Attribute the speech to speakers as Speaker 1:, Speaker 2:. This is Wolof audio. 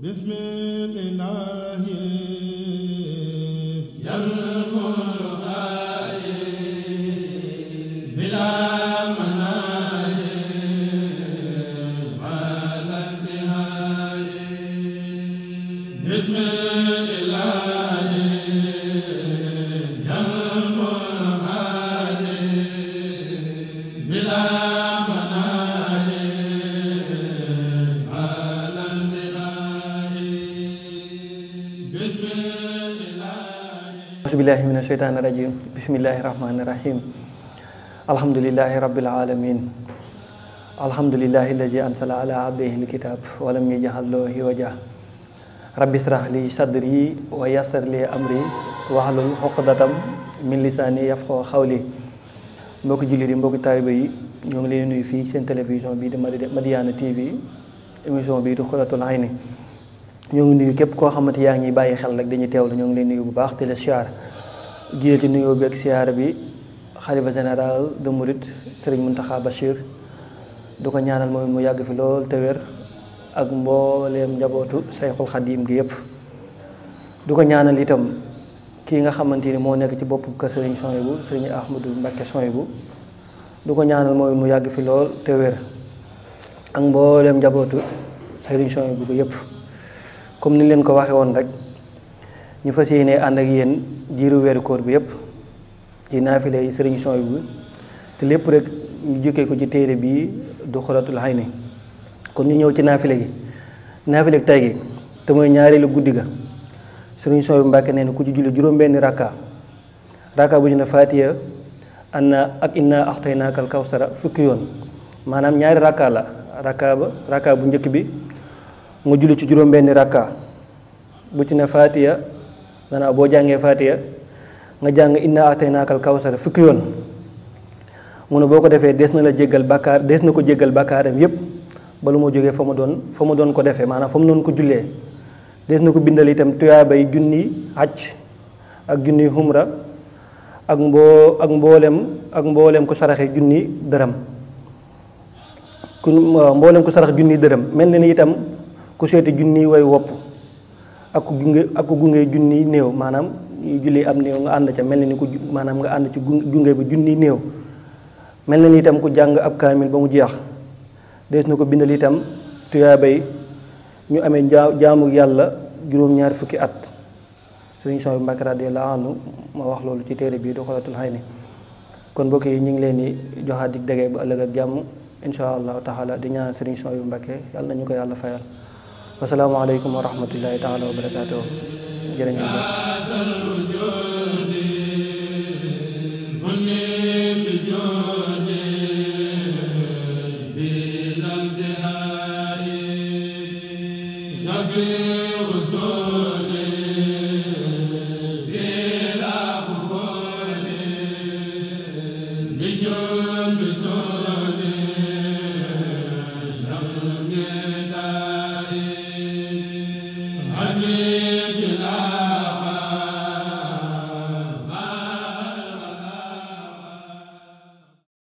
Speaker 1: Bismillah أعوذ بالله من الشيطان الرجيم بسم الله الرحمن الرحيم الحمد لله رب العالمين الحمد لله الذي أنزل على عبده الكتاب ولم يجعل له وجه رب اشرح لي صدري ويسر لي أمري واحلل عقدة من لساني يفقهوا قولي mbokk جولي دي mbokk taaliba yi ñoo ngi leen nuyu fii seen télévision bii di Madiyana TV émission bii di Xuratul ñoo ngi nuyu képp koo xamante yaa ngi bàyyi xel rek dañuy teewlu ñoo ngi leen nuyu bu baax di la siyaar jiyee nuyoo bi ak siyaar bi xalifa général de Mouride Serigne Mountakha Bachir du ko ñaanal moom mu yàgg fi lool te wér ak mbooleem njabootu Sayxul Xadiim gi yépp du ko ñaanal itam kii nga xamante ni moo nekk ci bopp kër Serigne Souhaïbou Serigne Ahmadou Mbacké Souhaïbou du ko ñaanal mooy mu yàgg fi lool te wér ak mbooleem njabootu Serigne Souhaïbou ko yépp comme ni leen ko waxe won rek ñu jiru and ak yeen jiru wër koor bi yépp ci nafilé yi sëriñ soy bi té lépp rek ñu jukkee ko ci téré bi du xoratul xayni kon ñu ñëw ci raka, gi nafilé tay gi guddi ga sëriñ soy ku ci julli juroom benn rakka rakka bu ñu na fatiha anna ak inna al kawsara fukki yoon manam ñaari raka la raka ba rakka bu bi nga julli ci juróom benni rakka bu ci ne faatiya maanaam boo jàngee faatiya nga jàng inna ataynaakal kawsar fukki yoon mu ne boo ko defee des na la jéggal bàkkaar des na ko jéggal bàkkaaram yépp bala moo ma jógee fa ma doon fa ma doon ko defee maanaam fa mu doon ko jullee des na ko bindal itam tuyaabay junni hajj ak junni humra ak mboo ak mboolem ak mboolem ku saraxe junni dërëm ku mboolem ku sarax junni dërëm mel na ni itam ku seeti junniy way wopp ak ku gunge ak ku gunge junniy néew maanaam ñuy julli am néew nga ànd ca mel na ni ku maanaam nga ànd ci gunge bi junniy néew mel na ni itam ku jàng ab kaamil ba mu jeex des na ko bindal itam tuyaabay ñu amee jaamu yàlla juróom-ñaar fukki at sëriñ Sooy Mbàkke la anhu ma wax loolu ci téere bii du xolatul xay ni kon mbokk ñu ngi leen di joxaat di dege ba ëllëg ak jàmm incha allahu taala di ñaanal sëriñ Sooy Mbàkke yàlla na ñu ko yàlla fayal wasalaamaaleykum wa rahmatullahi taala wa barakaatuhu jërë ngeen jëf Yeah.